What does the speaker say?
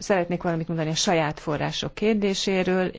szeretnék valamit mondani a saját források kérdéséről.